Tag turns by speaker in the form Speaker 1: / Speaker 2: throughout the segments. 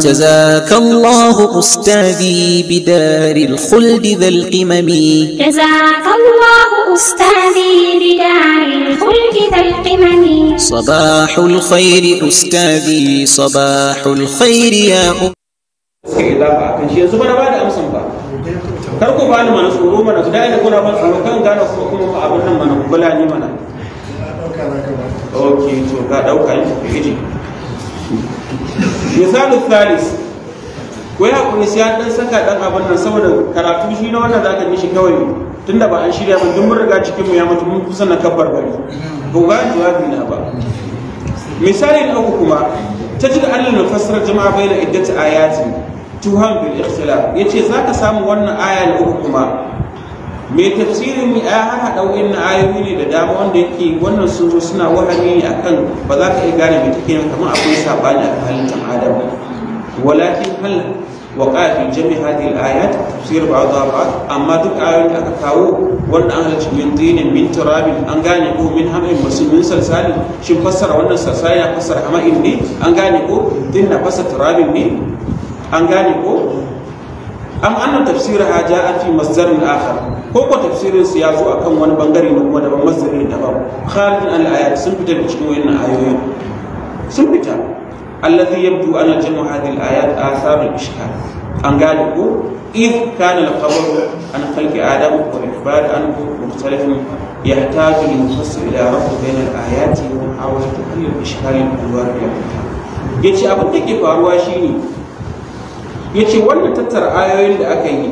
Speaker 1: جزاك الله أستاذي بدار الخلد ذا القمم جزاك الله أستاذي بدار الخلد ذا القمم صباح الخير أستاذي صباح الخير يا أم kar ku bani mana tsoro mana su dai kuna ba tsoro kan gane kuma kuma abin nan mana kula ni mana okay to ka dauka ni ku misalin thalis ko ya kuni siya dan saka dan abin nan saboda karatu shi na wannan zaka mishi kawai tunda ba an shirya ba duk mun riga cikin mu ya mutu mun kusa na kabbar bari to ga jawabi na ba misali na uku kuma allah na mufassara jama'a bayna iddat ayati tuhan bil ikhtilaf yace zaka samu wannan aya na uku kuma mai tafsirin ya haɗa na ayoyi ne da dama wanda yake wannan sun suna wahani a kan ba za ka iya gane mai take kamar akwai saɓani a halin ɗan adam walakin hal waƙa fi jami hadil ayat tafsir ba za ba amma duk ayoyin da aka kawo wanda an halarci min dinin min turabin an gane ko min hamin masu min salsalin shin fassara wannan salsalin ya fassara hama'in ne an gane ko din na fassara turabin ne an gane ko am anna tafsiraha ja'a fi masdarin akhar ko ko tafsirin su ya zo akan wani bangare ne kuma daban masdarin daban khalidin al ayat sun fita da cikin wayannan ayoyin sun fita alladhi yabdu an jamu hadhihi al ayat athar al ishkal an gane ko إذ كان الخبر عن خلق آدم والإخبار عنه مختلف يحتاج المفسر إلى ربط بين الآيات ومحاولة كل الإشكال الوارد له. يجي أبو تكي فاروا شيني ya ce wannan tattara ayoyin da aka yi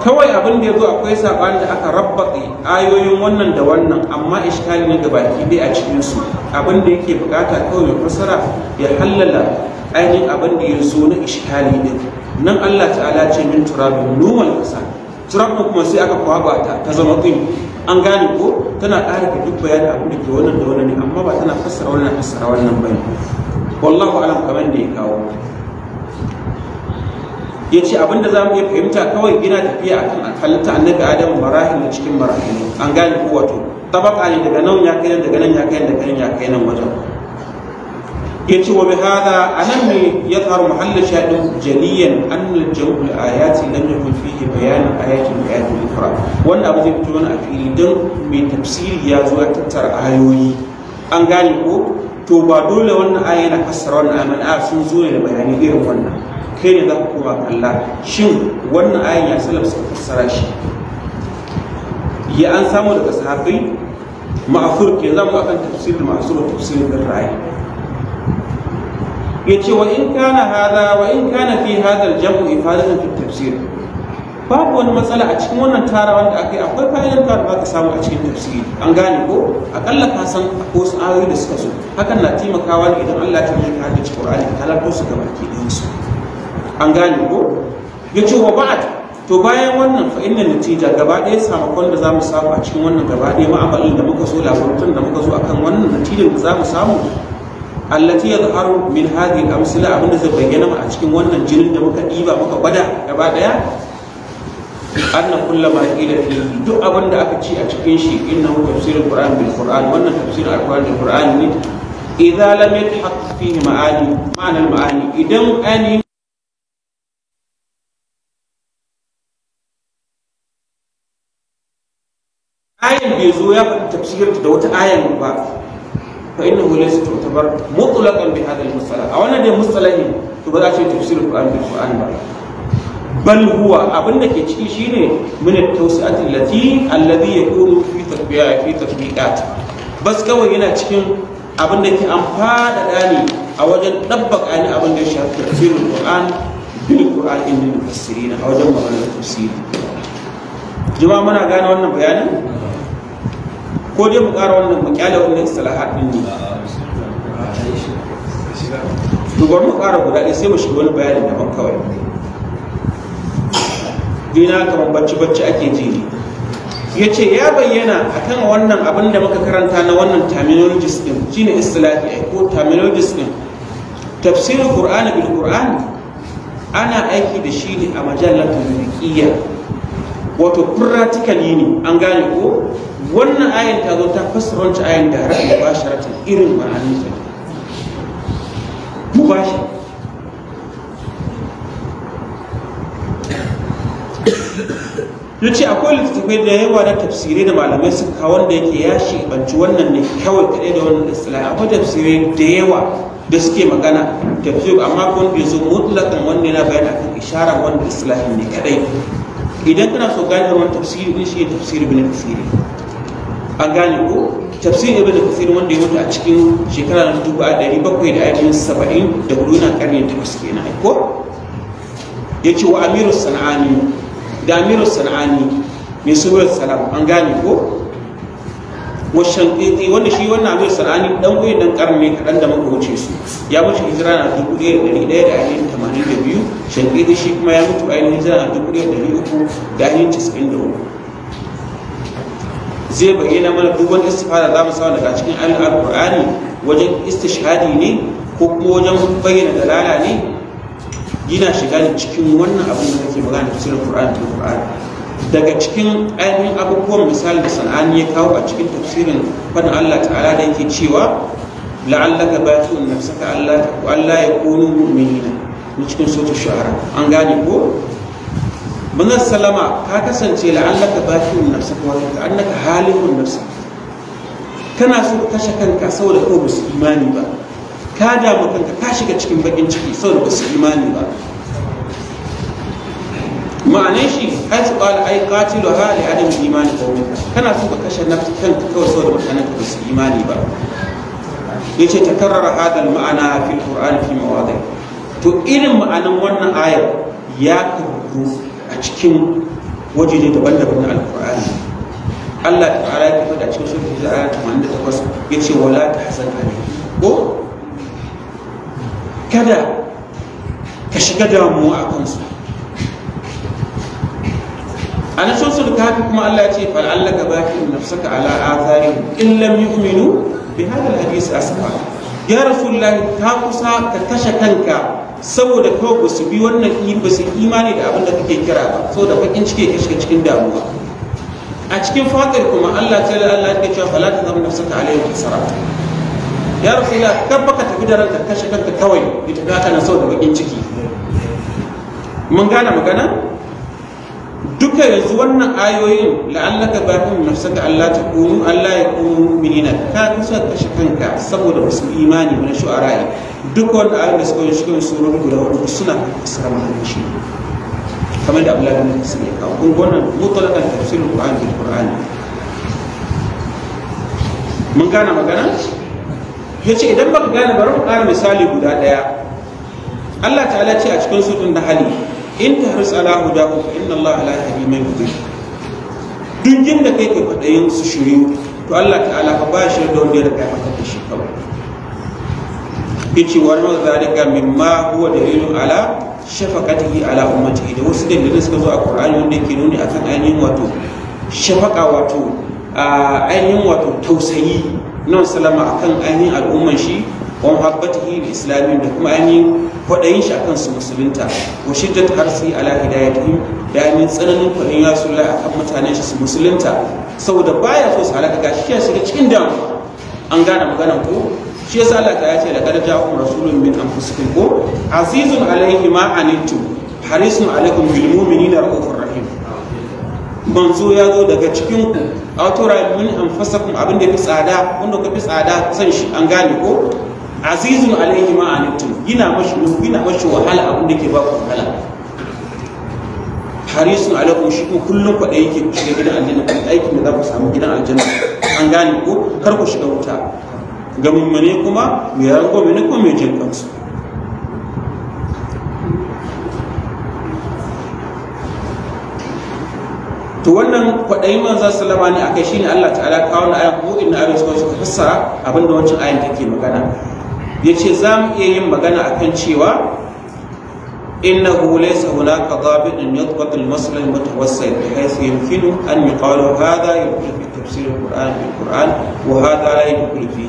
Speaker 1: kawai abin da ya zo akwai saɓani da aka rabbaƙe ayoyin wannan da wannan amma iskali ne baki bai a cikinsu abin da yake buƙata kawai mai fasara ya hallala ainihin abin da ya zo na iskali ne nan allah ta'ala ce min turabin numan ƙasa turabin kuma sai aka kwaba ta ta zama ɗin an gane ko tana ƙara da duk bayan abin da ke wannan da wannan ne amma ba tana fassara wannan fassara wannan ba wallahu alam kamar da ya kawo ya ce abinda za mu iya fahimta kawai gina tafiya akan akalta annabi adam marahil cikin marahil an gane ko wato tabaka ne daga nan ya kai daga nan ya kai daga nan ya kai nan wajen ya ce wa bihada anan ne ya tsaro muhallin shaɗin jaliyan annal jam'ul ayati lam yakun fihi bayan ayatin ayatin ukra wannan abu zai fito wani a fili don mai tafsiri ya zo ya tattara ayoyi an gane ko to ba dole wannan aya na fassara wannan ayan sun zo ne da bayanai irin wannan kai ne za ka koma Allah shin wannan ayan ya salaf suka fassara shi ya an samu daga sahabbai ma'asur ke za mu akan tafsir da ma'asur da tafsirin da ra'ayi ya ce wa in kana hada wa in kana fi hada aljamu ifadatan fi tafsir babu wani matsala a cikin wannan tarawa da aka yi akwai fa'idar da ba ka samu a cikin tafsiri an gane ko akalla ka san wasu ayoyi da suka zo hakan na taimakawa ne idan Allah ya tabbata ka haɗa Qur'ani ka halarta su gaba ke ɗayan an gane ko ya ce wa ba'ad to bayan wannan fa inna natija gaba ɗaya samakon da zamu samu a cikin wannan gaba ɗaya ma'amalin da muka so labarutun da muka so akan wannan natijar da zamu samu allati yadharu min hadhihi al-amsila abinda zai bayyana mu a cikin wannan jinin da muka diba muka gwada gaba daya anna kullama qila fi duk abinda aka ci a cikin shi innahu tafsirul qur'an bil qur'an wannan tafsirin al-qur'an bil qur'an ne idza lam yatahaqqaq fihi ma'ani ma'ana al-ma'ani idan ani bai zo ya faɗi tafsirinta da wata ayan ba fa inna hu laysa tu'tabar mutlaqan bi hadha al a wannan dai mustalahi to ba za ta ce tafsirul qur'an bil qur'an ba bal huwa abinda ke ciki shine min at-tawsi'ati allati alladhi yakunu fi tatbiya fi tatbiqat bas kawai yana cikin abinda ke an fada ne a wajen dabbaka ni abin da ya shafi tafsirul qur'an bil qur'an inda Fasirina, a wajen maganar tafsiri jama'a muna gane wannan bayanin ko dai mu ƙara wannan mu ƙyale wannan salahat ne to bari mu ƙara guda ɗaya sai mu shiga wani bayani daban kawai dina kamar bacci bacci ake ji ne ya ce ya bayyana a kan wannan abin da muka karanta na wannan terminologist din shine istilahi ko terminologist ɗin tafsirin qur'ani bil qur'ani ana aiki da shi ne a majalatul wato practically ne an gane ko wannan ayin ta zo ta fassara wancan ayin da har mubasharata irin ma'anin ta shi. ya ce akwai littattafai da yawa na tafsirai da malamai suka kawo wanda yake ya banci wannan ne kawai kaɗai da wannan da isla'i akwai tafsirai da yawa da suke magana tafsir amma kun bai zo mutlakan wanda yana bayan akan ishara wanda islahi ne kaɗai idan kana so gane wani tafsiri ne shi tafsiri bin tafsiri an gane ko tafsir ibn kafir wanda ya mutu a cikin shekara na dubu a ɗari bakwai da ainihin saba'in da hudu na ƙarni suke na aiko ya ce wa amiru sana'ani da amiru sana'ani mai suwar salam an gane ko wa shankiti wanda shi wannan amiru sana'ani dan goyi dan ƙarni kaɗan da muka wuce su ya mutu hijira na dubu ɗaya da ɗari ɗaya da ainihin tamanin da biyu shankiti shi kuma ya mutu ainihin hijira na dubu ɗaya da ɗari uku da ainihin casa'in da uku zai bayyana mana duk wani istifada za mu samu daga cikin al-qur'ani wajen istishhadi ne ko kuma wajen bayyana dalala ne yana shiga cikin wannan abin da kake magana da tafsirin qur'ani da qur'ani daga cikin ainihin abubuwan misali da sana'ani ya kawo a cikin tafsirin fadin Allah ta'ala da yake cewa la'allaka batu nafsaka Allah ta'ala ya kunu mu'minina cikin sautin shahara an gane ko manzon salama ka kasance la'allaka bakirun nafsa ka wata annaka halihun nafsa kana so ka kashe kanka saboda kawai ba su imani ba ka damu kanka ka shiga cikin bakin ciki saboda ba su imani ba ma'anin shi ai su ƙwala ai ƙatilu ha li adam imani qawmika kana so ka kashe nafsa kanka kawai saboda mutanen ka ba su imani ba yace takarrara hadal ma'ana fil qur'ani fi mawadi to irin ma'anin wannan ayar ya karbu a cikin wajeje daban-daban na alkur'ani Allah ta ƙara ya fito da cikin shirki za a yi da takwas ya ce wala ta hasan kare ko kada ka shiga damuwa a kansu a na sosul kafi kuma Allah ya ce fal'allaka baki saka ala atharihim in lam yu'minu bi hadha al-hadith asfa ya rasulullahi ta kusa ka kashe kanka saboda kawai ba su bi wannan ba su imani da abin da kake kira ba saboda bakin ciki ya shiga cikin damuwa a cikin fatar kuma Allah ta yi Allah ya cewa fala ta zama nafsaka alayhi kisara ya ya kabba ka tafi da ranta kashe kanka kawai ita ta kana saboda bakin ciki mun gane magana duka yanzu wannan ayoyin la'allaka bakin nafsaka Allah ta kunu Allah ya kunu mu'minina ka kusa shi kanka saboda wasu imani na shu'ara'i duk wanda ayoyin da suka yi shi kan surar guda hudu suna kasar mahalci kamar da Abdullahi bin Kasir ya kawo kun wannan mutlaqan tafsirul Qur'an bil Qur'an mun gana. magana yace idan baka gane bari mu ƙara misali guda daya Allah ta'ala ce a cikin sutun da hali in ta haris ala hudahu fa inna Allah ala yahdi mai yudhil duk jin da kai ke fadayin su shiryu to Allah ta'ala fa ba shi da wanda ya rika maka da shi kawai yace wa ma zalika mimma huwa da dalilun ala shafaqatihi ala ummatihi da wasu dalilai suka zo a Qur'ani wanda yake nuni akan ainihin wato shafaqa wato ainihin wato tausayi nan salama akan ainihin al'umman shi wa muhabbatihi li islamin da kuma ainihin kwaɗayin shi akan su musulunta wa shiddat harsi ala hidayatihim da ainihin tsananin kwaɗayin ya a akan mutanen shi su musulunta saboda baya so su halaka gashi shi shiga cikin damu an gane magana ko shi yasa Allah ta yace laqad ja'akum rasulun min anfusikum ko azizun alayhi ma anittum harisun alaikum bil mu'minina ra'ufur rahim manzo ya zo daga cikin ku a wato min anfusakum abin da fi tsada wanda ka fi tsada san shi an gane ko azizun alaihi ma anittum yana mashi yana mashi wahala abin da ke ba ku wahala harisun alaihi shi kuma kullum kwaɗe yake ku shiga gidan aljanna ku aikin da za ku samu gidan aljanna an gane ku kar ku shiga wuta ga mummune kuma mai rango mai kuma mai jin kansu to wannan kwaɗayin manzan salama ne shi ne Allah ta'ala kawo na ayan ko inna abin suka fassara abinda wancan ayan take magana ya ce za mu iya yin magana a kan cewa ka zaɓi إنه ليس هناك ضابط يضبط المسلم المتوسط بحيث yi أن يقال هذا يدخل في تفسير القرآن بالقرآن وهذا yi يدخل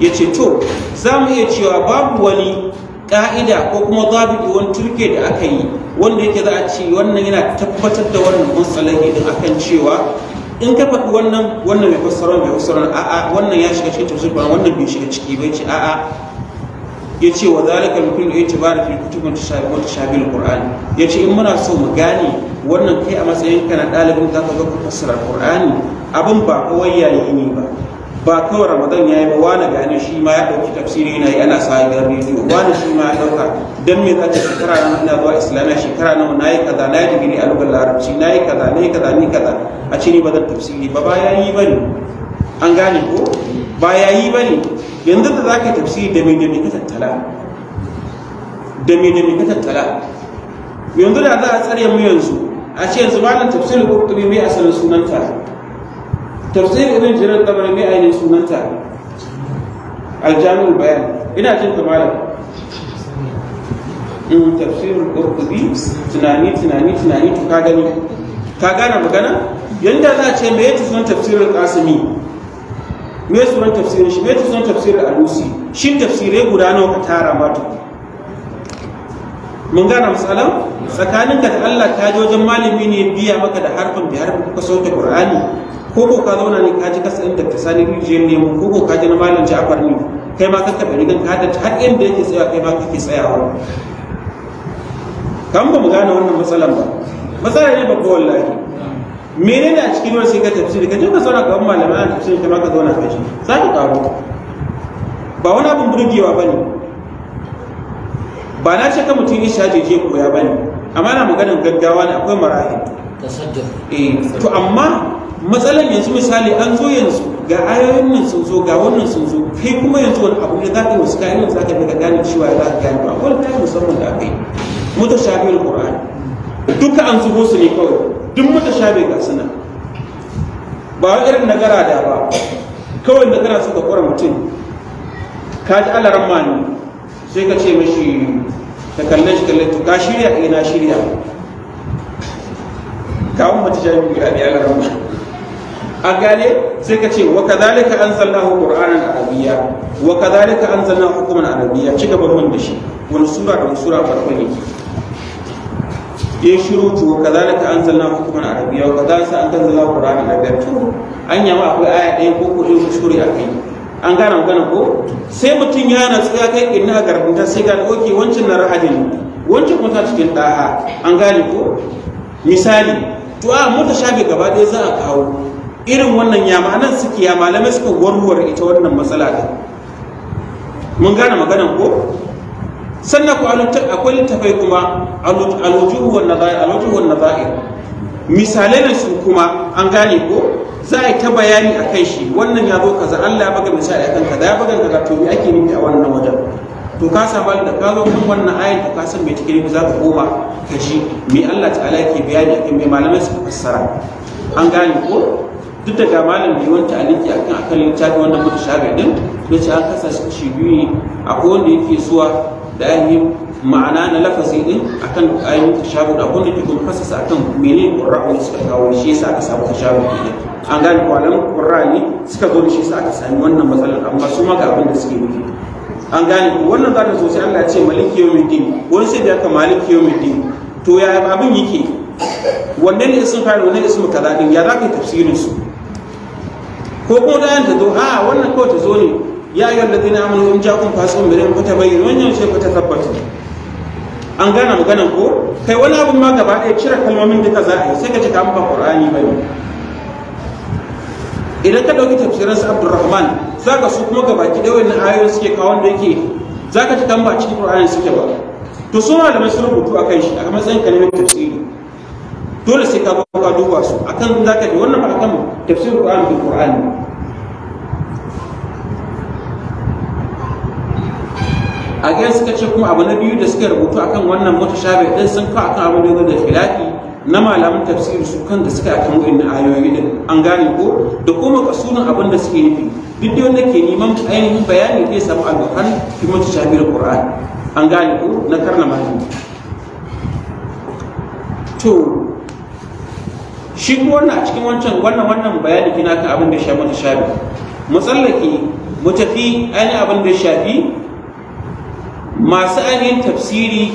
Speaker 1: ya yace to za mu iya cewa babu wani ƙa'ida ko kuma zaɓi wani turke da aka yi wanda yake za a ce wannan yana tabbatar da wannan matsalahi a akan cewa in ka faɗi wannan wannan mai fassara mai fassara a'a wannan ya shiga cikin tafsir ba wannan bai shiga ciki bai ce a'a ya ce wa zalika mutum da yace bari fi kutubin tashabihu tashabil qur'ani ya ce in muna so mu gane wannan kai a matsayin kana ɗalibin za ka zo ka fassara qur'ani abin ba kawai ya yi ne ba ba kawai ramadan ya yi ba wani gane shi ma ya ɗauki tafsiri yana yi ana sa gidan rediyo wani shi ma ya ɗauka don me zaka shekara na ina zuwa islamiyya shekara nawa na yi kaza na yi digiri a lugar larabci na yi kaza na yi kaza ni kaza a ce ni ba zan tafsiri ba ba ya yi ba ne an gane ko ba ya yi ba ne yanzu da za ka yi tafsiri da mai dami ka tattala da mai dami ka tattala yanzu da za a tsare mu yanzu a ce yanzu ba na tafsirin kurkuri mai asalin sunanta tafsirin irin jiran tabar mai ainihin sunanta aljami'ul bayan ina jin ta malam in mm, tafsirin kurkuri tunani tunani tunani to ka gani ka gane magana yanda za a ce mai yanzu sunan tafsirin kasimi me sunan tafsirin shi me sunan tafsirin alusi shi tafsirai guda nawa ka tara ma to mun gana misalan tsakanin ka da Allah ta ji wajen malami ne biya maka da harfin da harfin kuka sauke Qur'ani ko ko ka zauna ne ka ji kasa inda ta sani rijiyar nemo ko ko ka ji na malam Ja'far ne kai ma ka taɓa rigan ka haddace har inda yake tsaya kai ma kake tsayawa kan ba mu gane wannan matsalan ba matsalan ne babba wallahi menene a cikin wani sai ka tafsiri ka je ka zauna gaban malamai a tafsiri ka ka zauna ka shi za ka karu ba wani abin burgewa ba ne ba na ce ka mutum isha je je koya ba ne amma na maganin gaggawa ne akwai marahi eh, to amma matsalan yanzu misali an zo yanzu ga ayoyin nan sun zo ga wannan sun zo kai kuma yanzu wani abu ne za ka yi wasu kayan za ka daga gane cewa ya za ka gane ba wani kayan musamman da aka yi Mutu mutashabihul qur'an duka an zubo su ne kawai duk muka shafe ga suna ba wa irin nagara da ba kawai nagara suka kora mutum ka ji alaran mani sai ka ce mashi ta kalle shi kalle ka shirya a eh, na shirya kawun mata shafi ga abi alaran mani a gane sai ka ce wa kadhalika anzalnahu hukumar arabiya wa kadhalika anzalnahu hukman hukumar ci cika mun da shi wani sura da wani sura farkon yake ya shiru to kazalika anzalna hukman arabiyya wa kazalika anzalna qur'an arabiyya to an ma akwai aya ɗaya ko ko ɗaya shuri a kai an gane magana ko sai mutum ya na ya kai inna garbunta sai ga oke wancan na rahadin wancan kuma ta cikin daha an gane ko misali to a mota shafi gaba ɗaya za a kawo irin wannan ya nan suke ya malamai suka warware ita wannan matsala ɗin mun gane magana ko sannan ku akwai littafai kuma alwujuhu wan nadha'ir misalai na su kuma an gane ko za a yi ta bayani a kai shi wannan ya zo kaza Allah ya baga misali akan kaza ya baga kaza to me ake nufi a wannan wajen to ka samu da ka zo kan wannan ayin to ka san me cikin za ka koma ka ji me Allah ta'ala yake bayani akan me malamai su fassara an gane ko duk da ga malam bai wanta aliki akan akan littafi wanda mutu shabe din to ce an kasa shi biyu ne a wanda yake zuwa dahim ma'ana na lafazi din akan ayin tashabu da abun da ke kuma fasasa akan mene qurra'u suka kawo shi yasa aka samu tashabu din an gane kwalan qurra'i suka zo shi yasa aka sami wannan matsalar amma su ma ga abin da suke nufi an gane wannan zata zo sai Allah ya ce maliki yawmiddin wani sai da ka maliki yawmiddin to ya abin yake wanne ne isin fa'il wanne ismu kaza din ya zaka tafsirin su ko kuma da ta zo a wannan ko ta zo ne ya ayyuhal zina amanu in ja'akum fasiqun birin fatabayyanu wannan ta tabbata. an gana maganan ko kai wani abin ma gaba ɗaya cire kalmomin duka za a yi sai ka cika ba ƙur'ani ba ne idan ka ɗauki tafsirin su abdurrahman za ka su kuma gaba ki ɗaya ayoyin suke kawo da yake za ka cika ba cikin ƙur'ani suke ba to malamai sun rubutu a kan shi a matsayin kalmomin tafsiri dole sai ka ba ka duba su akan za ka ji wannan ba akan tafsirin qur'ani bil a gan suka ce kuma abu na biyu da suka rubutu akan wannan mutashabih din sun kawo akan abu da da khilafi na malamin tafsir su kan da suka akan wa'in ayoyi din an gane ko da kuma kasunan abin da suke nufi duk da wanda ke neman ainihin bayani zai samu alƙur'an fi da alƙur'an an gane ko na karna mali to shi ko wannan a cikin wancan wannan wannan bayani kina kan abin da ya sha mutashabih mu tsallake mu ainihin abin da ya shafi masu ainihin tafsiri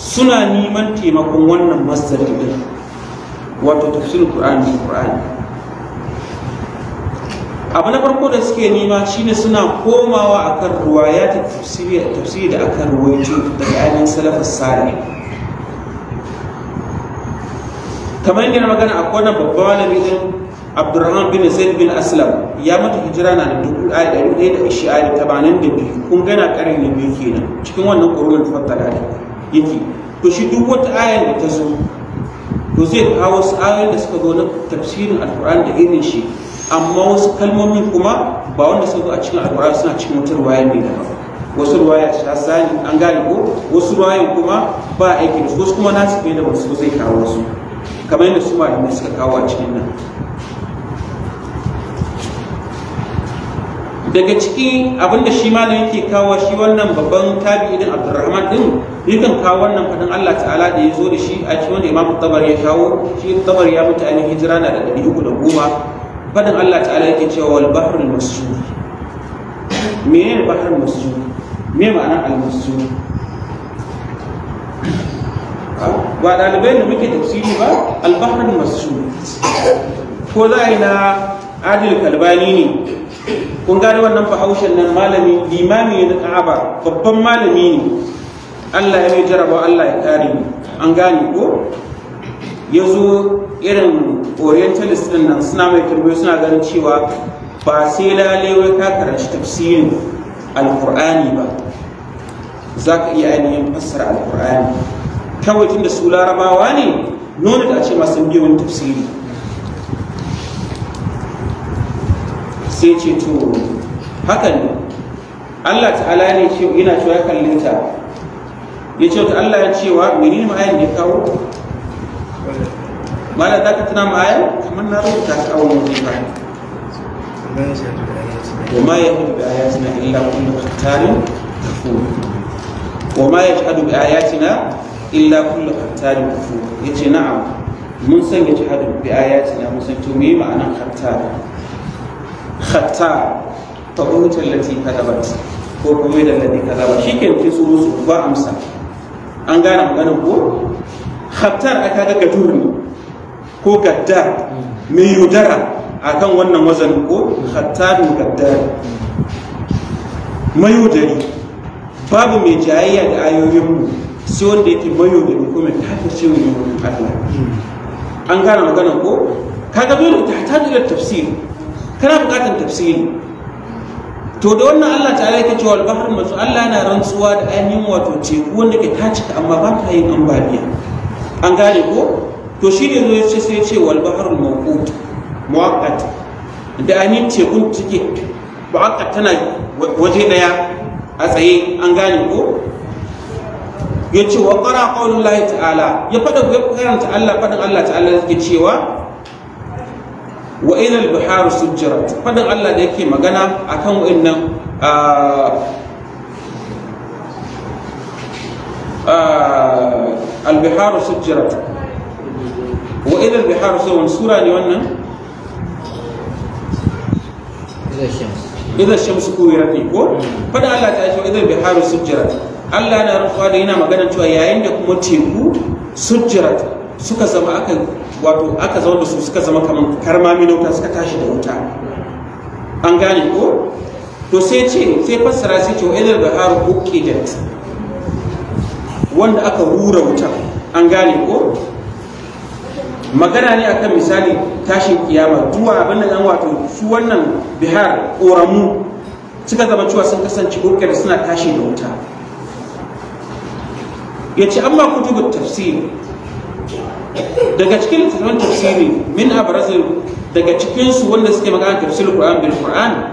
Speaker 1: suna neman taimakon wannan masdarin din wato tafsirin qur'ani qur'ani abu na farko da suke nema shine suna komawa akan ruwaya ta tafsiri da aka ruwaito daga ainihin salafin salih kamar yadda magana akwai na babban wani abdurrahman bin zaid bin aslam ya mutu hijira na da dubu ɗaya ɗari ɗaya da ishiari tabanin da biyu kun gana ƙarin da biyu kenan cikin wannan ƙorurin fattala da yake to shi duk wata ayar da ta zo to zai kawo wasu ayoyin da suka zo na tafsirin alkur'ani da irin shi amma wasu kalmomin kuma ba wanda suka zo a cikin alkur'ani suna cikin wata ruwaya ne da wasu ruwaya ta sani an gane ko wasu ruwayan kuma ba aiki da su wasu kuma nasu ne da wasu zai kawo wasu kamar yadda su ma da suka kawo a cikin nan daga cikin abin da shi ma yake kawo shi wannan babban tabi idan abdurrahman din yakan kawo wannan fadin Allah ta'ala da ya zo da shi a cikin wanda imamu tabar ya kawo shi tabar ya mutu ainihin hijira na da ɗari uku da goma fadin Allah ta'ala yake cewa wal bahrul masjur me ne bahrul masjur me ma'anar al masjur ah, ba ɗalibai da muke tafsiri ba al bahrul masjur ko za a yi na adil kalbani ne kun gane wannan fahaushen nan malami limami ne na ka'aba babban malami ne allah ya jaraba allah ya kare an gane ko ya zo irin orientalist din nan suna mai turbe suna ganin cewa ba sai lalle wai ka karanci tafsirin alkur'ani ba za ka iya ainihin fassara alkur'ani kawai tun da su larabawa ne nuna da a ce masu biyu wani tafsiri sai ce to haka ne Allah ta'ala ne ce yana cewa ya kallinta ya ce ta Allah ya cewa mini ma'ayan da ya kawo mala za ka tuna kamar na rubuta ta kawo mutum ba وما يهد بآياتنا إلا كل ختار كفور وما يجحد بآياتنا إلا كل ختار كفور يجي نعم من سن يجحد بآياتنا من سن تومي معنى ختار hatta taburutan lati kadabat ko kuma da lati kadaba shi ke nufi su ba amsa an gane magana ko hatta aka ga gadur ne ko gadda mai yudara akan wannan wazan ko hatta gadda dari. babu mai jayayya da ayoyinmu sai wanda yake mayudari ko mai ce wani Allah an gane magana ko kaga dole ta hata da tafsiri kana bukatar tafsiri to da wannan Allah ta'ala yake cewa al-bahr masu Allah yana rantsuwa da ainihin wato teku wanda ke ta cika amma ba ta yi ambaliya an gane ko to shi ne zai ce sai ce wal bahr mawqut muwaqqat da ainihin tekun take muwaqqat tana waje daya a tsaye an gane ko ya ce wa ƙara ƙaunin ta'ala ya faɗa ya karanta Allah faɗin Allah ta'ala yake cewa wa ilal buharu sujjarat fadin Allah da yake magana akan wa'annan al-biharu ah, ah, sujjarat wa ilal biharu sai wani sura ne wannan idan shamsu ya fi ko fadin Allah ta ce idan biharu sujjarat Allah na rufuwa da yana magana cewa yayin da kuma teku sujjarat suka zama aka wato aka zama da su suka zama kamar karmami na wuta suka tashi da wuta an gane ko to sai ce sai fassara sai ce wa'idar da har da wanda aka rura wuta an gane ko magana ne akan misali tashin kiyama duwa abin da wato su wannan bihar ƙoramu suka zama cewa sun kasance ƙoƙari suna tashi da wuta ya ce amma kutubu tafsir daga cikin littattafan tafsiri min abrazil daga cikin su wanda suke magana tafsir Qur'an bil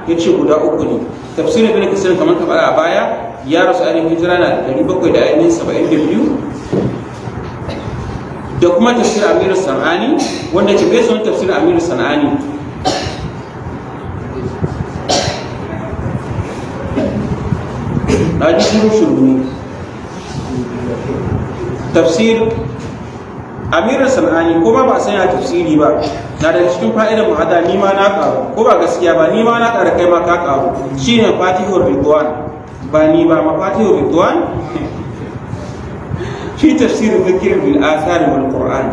Speaker 1: ya ce guda uku ne tafsirin ibn kasirin kamar ka fara a baya ya rasu ainihin hijira na bakwai da da kuma tafsir Amir Sanani wanda ke bai son tafsir Amir Sanani na ji shuru shuru tafsir amirin sana'ani ko ba ba san ya tafsiri ba na da cikin fa'idar ma'ada ni ma na karu ko ba gaskiya ba ni ma na karu kai ma ka karu shine fatihur ridwan ba ni ba ma fatihur ridwan fi tafsirin zikirin bil athari wal qur'an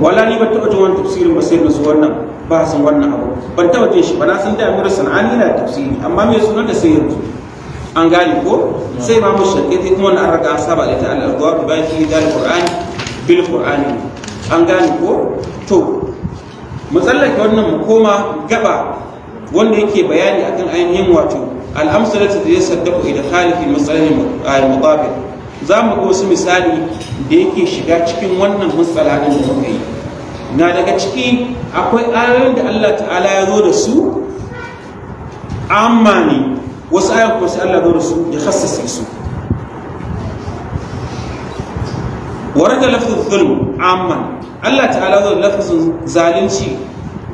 Speaker 1: wala ni ba ta jin wani tafsirin ba sai musu su wannan ba san wannan abu ban ta jin shi ba na san da amirin sana'ani na tafsiri amma me sunan da sai yanzu an gane ko sai ba mu shakke kuma na an raga saba da ta al ba bi baki dal qur'an bil qur'ani an gane ko to mu wannan mu koma gaba wanda yake bayani akan ainihin wato al'amsalatu da ya saddaku idan khalifi matsalin al-mutabir za mu ga wasu misali da yake shiga cikin wannan matsala din da muka yi na daga ciki akwai ayoyin da Allah ta'ala ya zo da su amma ne wasu ayoyin kuma sai Allah zo da su ya khassasa su warda lafzul zulm amman Allah ta'ala zo lafzul zalunci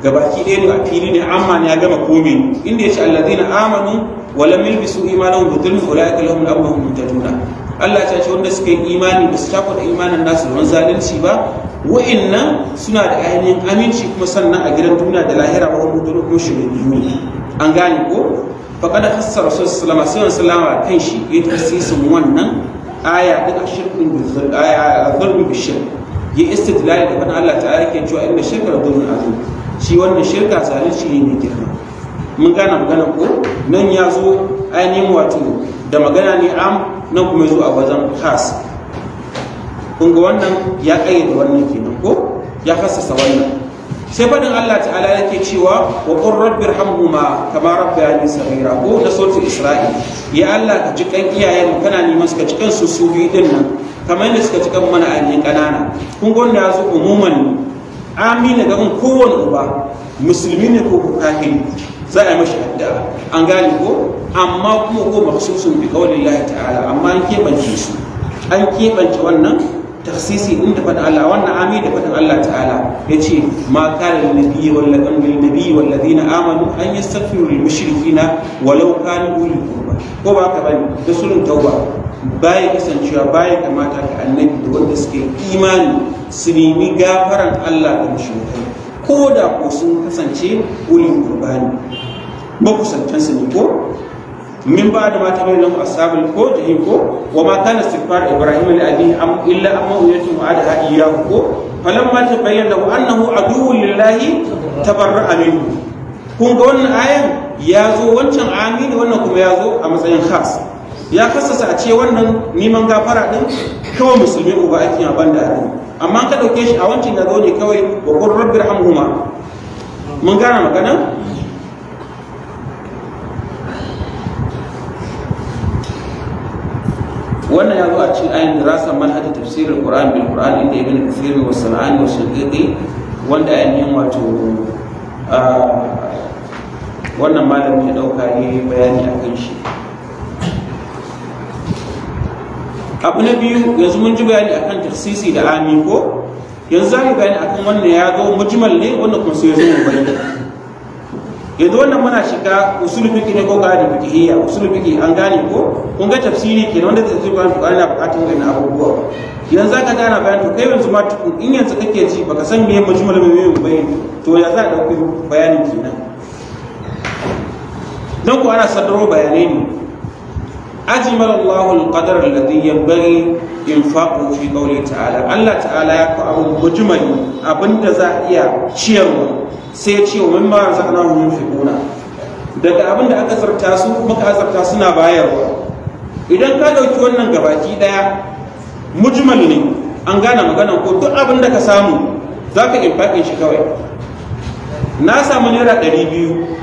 Speaker 1: ga baki ɗaya ne a fili ne amma ya gama komi inda ya ce zaina amanu wa lam yalbisu imanahum bi dhulmin ulaika lahum amruhum muhtaduna Allah ta ce wanda suka yi imani ba su takwada imanin nasu don zalunci ba wa'annan suna da ainihin aminci kuma sannan a gidan duniya da lahira ba wani dole kuma shiriyu an gane ko faqad fassara rasul sallallahu alaihi wasallam kan shi ya tasisin wannan aya din ashirkun bizir aya zarbu shirk ya istidlali da fana Allah ta'ala yake cewa inna shirka da zulmi azim shi wannan shirka zalunci ne mai girma mun gana magana ko nan ya zo ainihin wato da magana ne am nan kuma zo a wajen khas kun ga wannan ya kayyade wannan kenan ko ya fassasa wannan sai faɗin Allah ta'ala yake cewa wa qur rabbir hamhuma kama rabbayani saghira ko na sautin isra'il ya Allah ka ji kan iyayen mu kana neman suka ji kan su su biyu din nan kamar yadda suka ji kan mana ainihin kanana kun ga wanda umuman amina ga kowane uba musulmi ne ko kafiri za a yi mashi addu'a an gane ko amma kuma ko maksusun bi qaulillahi ta'ala amma an keɓance su an keɓance wannan tafsisi in da faɗin Allah wannan ami da faɗin Allah ta'ala ya ce ma kana lil nabiyyi wal lil nabiyyi wal ladina amanu an yastaghfiru lil mushrikina walau kanu ulul qurba ko ba ka bani da sunan tauba baya kasancewa baya kamata ka annabi da wanda suke imani su nemi gafaran Allah da mushrikai ko da ko sun kasance ulul qurba ne makusantansu ne ko min ba da mata mai lahu ashabul ko jahim ko wa ma kana istighfar ibrahim na abihi am illa amma yatu ada iyahu ko falamma tabayyana lahu annahu aduwwun lillahi tabarra'a minhu kun ga wannan ayan ya zo wancan amin wannan kuma ya zo a matsayin khas ya kasasa a ce wannan neman gafara din kawai musulmi uba ake yi banda a amma ka dauke shi a wancan ya zo ne kawai wa qur rabbi mun gana magana wannan ya zo a cikin ayin dirasa manhaj tafsirin qur'an bil qur'an inda ibn kathir wa sanani wa shaqiqi wanda ainihin wato wannan malamin ya dauka ne bayani akan shi abu na biyu yanzu mun ji bayani akan tafsisi da ami ko yanzu za mu bayani akan wannan ya zo mujmal ne wannan kuma sai ya zo mu bayyana yanzu wannan muna shiga usul fiqi ne ko gadi fiqhiyya usul fiqi an gane ko kun ga tafsiri kenan wanda zai ba su ana bukatun wannan abubuwa yanzu zaka gana bayan to kai yanzu ma in yanzu kake ji baka san me mujmal me me bayani to ya za a dauki bayanin kenan dan ko ana sadaro bayanai ne ajimar Allahu al-qadar alladhi yanbaghi infaquhu fi qawli ta'ala Allah ta'ala ya abu mujmali abinda za a iya ciyarwa sai ce wa mimma fi yunfiquna daga abinda aka zarta su muka zarta suna bayarwa idan ka dauki wannan gabaki daya mujmal ne an gane magana ko duk abinda ka samu zaka infaqin shi kawai na samu naira 200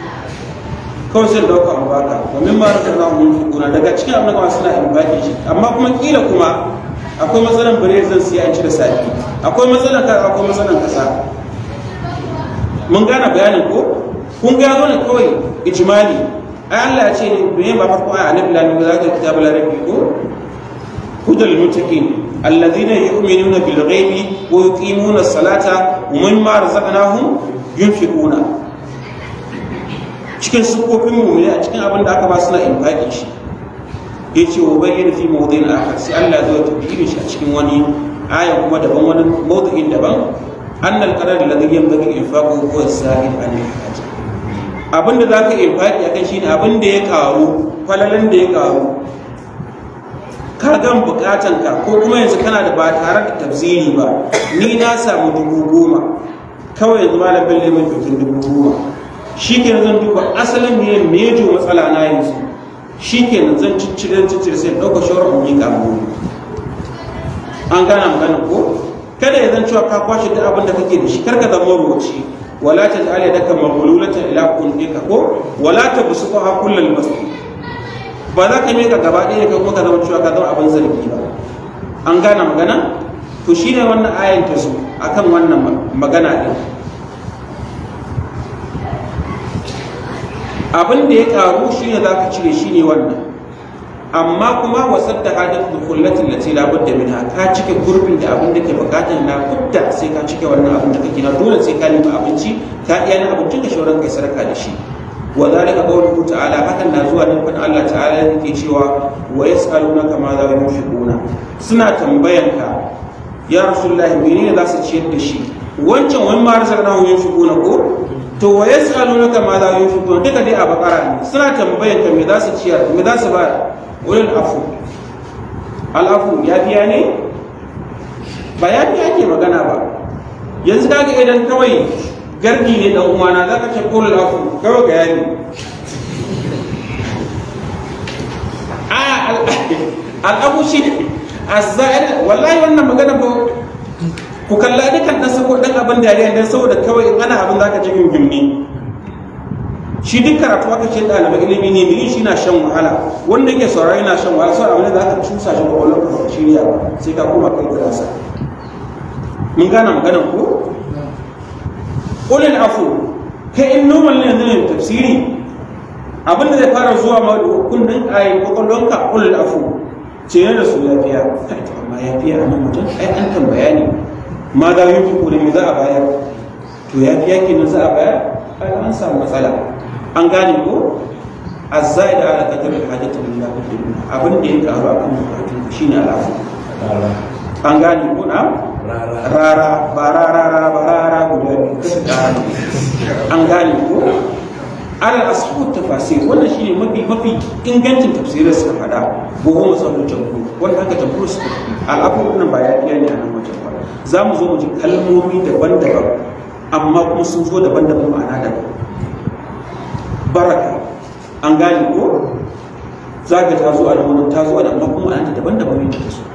Speaker 1: kawai sai dauka mu baka wa min ma rakanna mun fukuna daga cikin abin da suna in baki shi amma kuma kila kuma akwai matsalan bare zan siya an da safi akwai matsalan ka akwai matsalan kasa mun gane bayanin ko kun ga wani kawai ijmali ai Allah ya ce ne ba farko ai annabi lalu za ka kitabu la ko hudal mutaqin الذين يؤمنون بالغيب salata الصلاة ومما رزقناهم ينفقون cikin sukofin ne a cikin abin da aka ba suna infaki shi ya ce wa bayyana fi na akhar sai Allah zai biyu shi a cikin wani ayan kuma daban wani mawdu'in daban annal qarar in yanbaghi ko ya as a an a hajj abin da za ka a kan shi ne abin da ya karu kwalalin da ya karu ka gan bukatan ka ko kuma yanzu kana da ba tare da tafsiri ba ni na samu dubu goma kawai yanzu malam bin leman dubu goma shi ke zan duba asalin ne mejo matsala na yanzu shi ke zan ciccire ciccire sai ɗauka shawarar mu yi kamu an gana magana ko kada ya zan cewa ka kwashe duk abin da kake da shi karka zama rubuci wala ta ta'ala da kama mululata ila ka ko wala ta busuka ha kullal masu ba za ka mika gaba ɗaya ka kuma ka zama cewa ka zama abin zargi ba an gana magana to shine wannan ayan ta zo akan wannan magana ɗin abin da ya taru shi ne za ka cire shi ne wannan amma kuma wasar da hadar da kullatin da tsira labar da mina ka cike gurbin da abin da ke bukatar na kudda sai ka cike wannan abin da kake na dole sai ka nemi abinci ta iya na abincin da shauran kai sarka da shi wa zalika qawluhu ta'ala hakan na zuwa ne kan Allah ta'ala yake cewa wa yas'alunaka ma za yunfiquna suna tambayanka ya rasulullahi menene za su ciyar da shi wancan wani ma rasar na wuyan shigo na ko to wa ya halu na kama za yin shigo duka dai a bakara ne suna tambayar ka me za su ciyar me za su ba wurin afu al'afu ya biya ne ba ya biya ke magana ba yanzu ga idan kawai gargi ne dan uwana za ka ce kulul al'afu kawai ga yani a al'afu shi ne azza'ir wallahi wannan magana ba ku kalla dukan dan sako dan abin da yare dan saboda kawai in ana abin zaka ji gingim ne shi duk karatu aka ce ɗaliban ilimi ne mai shi na shan wahala wanda yake saurari na shan wahala sai abin da aka cusa shi ko wani kuma shiriya sai ka koma kai sa. mun gane magana ko ulil afu kai in normal ne yanzu ne tafsiri abin da zai fara zuwa ma da hukunin ayi kwakwalwanka ulil afu ce na da su yafiya amma yafiya a nan mutum ai an kan bayani ma da yin fi kuri za a bayar to ke kenan za a bayar ai an samu matsala an gane ko azzai da ala kadar hajjata min lafiya abin da ya karu a kan bukatun ku shine alafu an gane ko na rara ba rara ba rara guda biyu an gane ko ala ashabu tafasir wannan shine mafi mafi ingancin tafsirin suka faɗa ko kuma sabu tanku wanda haka tanku suka faɗi al'afu nan ba ya fiya ne a nan wajen ba za mu zo mu ji kalmomi daban-daban amma kuma sun zo daban-daban ma'ana daban baraka an gane ko Zaga ta tazo a nan wani tazo a nan amma kuma ma'ana daban-daban ne ta so